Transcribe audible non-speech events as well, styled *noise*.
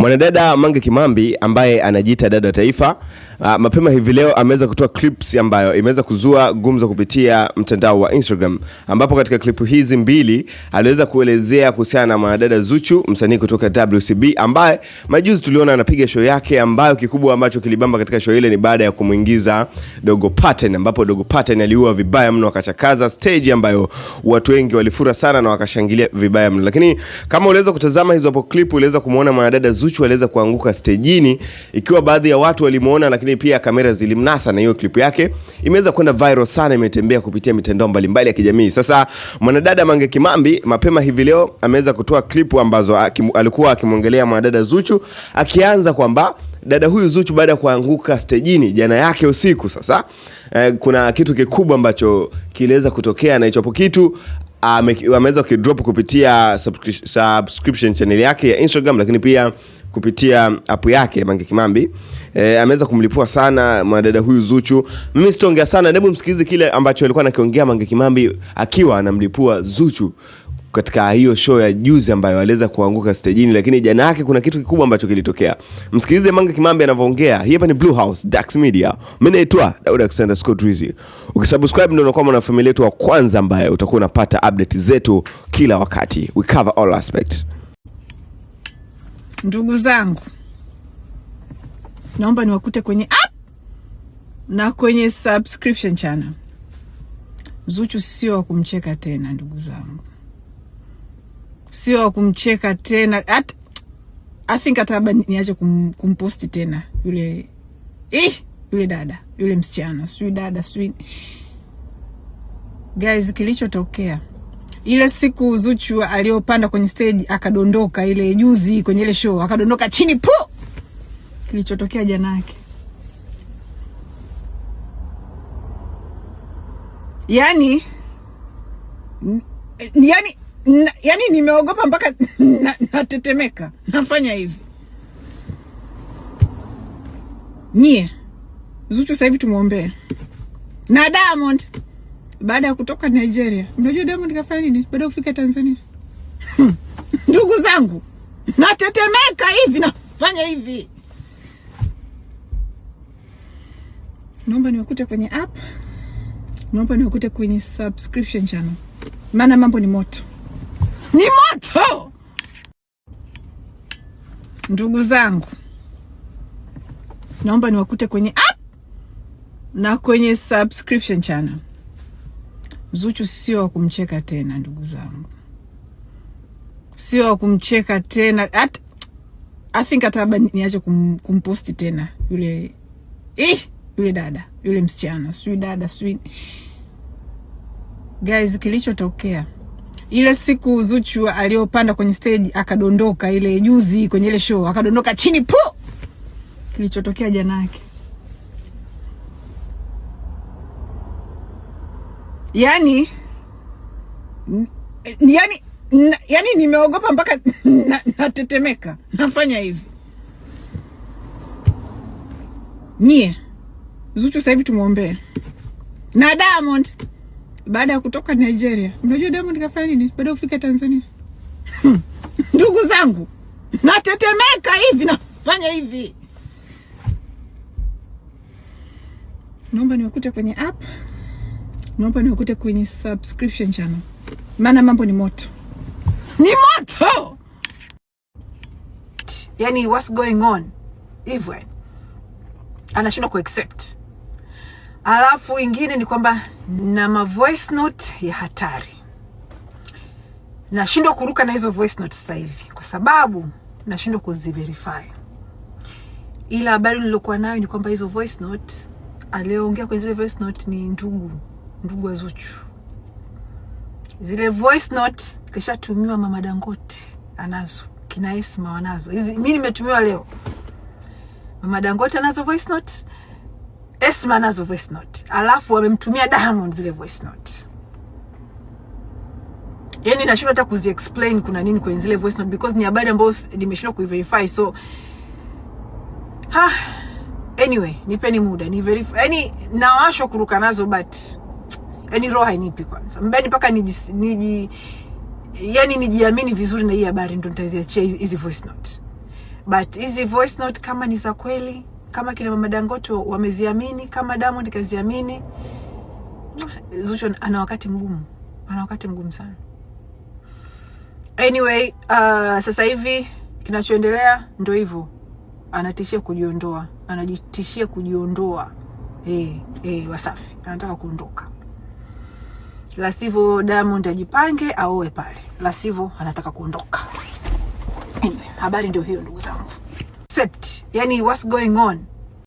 Mwanadada Mange Kimambi ambaye anajiita dada wa taifa Uh, mapema hivi leo ameweza kutoa clips ambayo imeweza kuzua gumzo kupitia mtandao wa Instagram, ambapo katika klipu hizi mbili aliweza kuelezea kuhusiana na mwanadada Zuchu, msanii kutoka WCB ambaye majuzi tuliona anapiga show yake, ambayo kikubwa ambacho kilibamba katika show ile ni baada ya kumwingiza Dogo Pattern, ambapo Dogo Pattern aliua vibaya mno, akachakaza stage ambayo watu wengi walifura sana na wakashangilia vibaya mno. Lakini kama uliweza kutazama hizo hapo clip, uliweza kumuona mwanadada Zuchu aliweza kuanguka stejini, ikiwa baadhi ya watu walimuona lakini lakini pia kamera zilimnasa na hiyo klipu yake imeweza kwenda viral sana, imetembea kupitia mitandao mbalimbali ya kijamii. Sasa mwanadada Mange Kimambi mapema hivi leo ameweza kutoa klipu ambazo akim, alikuwa akimwongelea mwanadada Zuchu akianza kwamba dada huyu Zuchu baada ya kuanguka stejini jana yake usiku sasa eh, kuna kitu kikubwa ambacho kiliweza kutokea na hicho kitu Ah, ameweza kidrop kupitia subscription channel yake ya Instagram, lakini pia kupitia app yake Mange Kimambi. E, ameweza kumlipua sana mwanadada huyu Zuchu. Mimi sitaongea sana, hebu msikilize kile ambacho alikuwa anakiongea Mange Kimambi akiwa anamlipua Zuchu katika hiyo show ya juzi ambayo aliweza kuanguka stejini, lakini jana yake kuna kitu kikubwa ambacho kilitokea. Msikilize Mange Kimambi anavyoongea. Hii hapa ni Blue House Dax Media. Mimi naitwa Daud Alexander Scott Rizzi. Ukisubscribe ndio unakuwa mwanafamilia yetu wa kwanza ambaye utakuwa unapata update zetu kila wakati. We cover all aspects. Ndugu zangu, naomba niwakute kwenye app na kwenye subscription channel. Zuchu sio wa kumcheka tena, ndugu zangu sio wa kumcheka tena at, I think hata labda niache kum, kumposti tena yule eh, yule dada yule msichana sijui dada sijui guys, kilichotokea ile siku Zuchu aliyopanda kwenye stage akadondoka, ile juzi kwenye ile show akadondoka chini pu, kilichotokea jana yake yani, yani na, yani nimeogopa mpaka *laughs* natetemeka na nafanya hivi nyie. Zuchu sasa hivi tumwombee na Diamond baada ya kutoka Nigeria. Mnajua Diamond kafanya nini baada ya kufika Tanzania? Hmm. Ndugu zangu, natetemeka hivi nafanya hivi. Naomba niwakute kwenye app, naomba niwakute kwenye subscription channel, maana mambo ni moto ni moto. Ndugu zangu, naomba niwakute kwenye app na kwenye subscription channel. Zuchu sio wa kumcheka tena, ndugu zangu, sio wa kumcheka tena at, I think hata labda niache kum, kumposti tena yule eh, yule dada yule msichana sijui dada sijui guys, kilichotokea ile siku Zuchu aliyopanda kwenye stage akadondoka, ile juzi kwenye ile show akadondoka chini pu, kilichotokea jana yake, yani yani na, yani yaani nimeogopa mpaka natetemeka na nafanya hivi nyie. Zuchu sasa hivi tumwombee na Diamond baada ya kutoka Nigeria, mnajua Diamond kafanya nini baada ya kufika Tanzania? Hmm. *laughs* Ndugu zangu, natetemeka hivi, nafanya hivi. Naomba niwakute kwenye app, naomba niwakute kwenye subscription channel, maana mambo ni moto, ni moto. Yani what's going on hivyo, anashindwa kuaccept Alafu ingine ni kwamba na ma voice note ya hatari, nashindwa kuruka na hizo voice note sasa hivi kwa sababu nashindwa kuziverify, ila habari niliokuwa nayo ni kwamba hizo voice note aliyeongea kwenye zile voice note ni ndugu ndugu wa Zuchu. Zile voice note kishatumiwa mama Dangote anazo, kina Esma wanazo hizi, mimi nimetumiwa leo. Mama Dangote anazo voice note Esma nazo voice note, alafu wamemtumia Diamond zile voice note. Yaani nashindwa hata kuzi explain kuna nini kwenye zile voice note because ni habari ambayo nimeshindwa kuiverify so ha anyway, nipeni muda ni verify. Yaani nawasho kuruka nazo but yaani roho hainipi kwanza. Mbani paka niji niji yaani nijiamini vizuri na hii habari ndio nitaziachia hizi voice note. But hizi voice note kama ni za kweli kama kina mama Dangoto wameziamini, kama Diamond kaziamini. Zuchu ana wakati mgumu, ana wakati mgumu sana. Anyway, uh, sasa hivi kinachoendelea ndio hivyo, anatishia kujiondoa, anajitishia kujiondoa. Hey, eh, eh, hey, Wasafi anataka kuondoka, la sivyo Diamond ajipange aoe pale, la sivyo anataka kuondoka. Anyway, habari ndio hiyo ndugu zangu. yani what's going on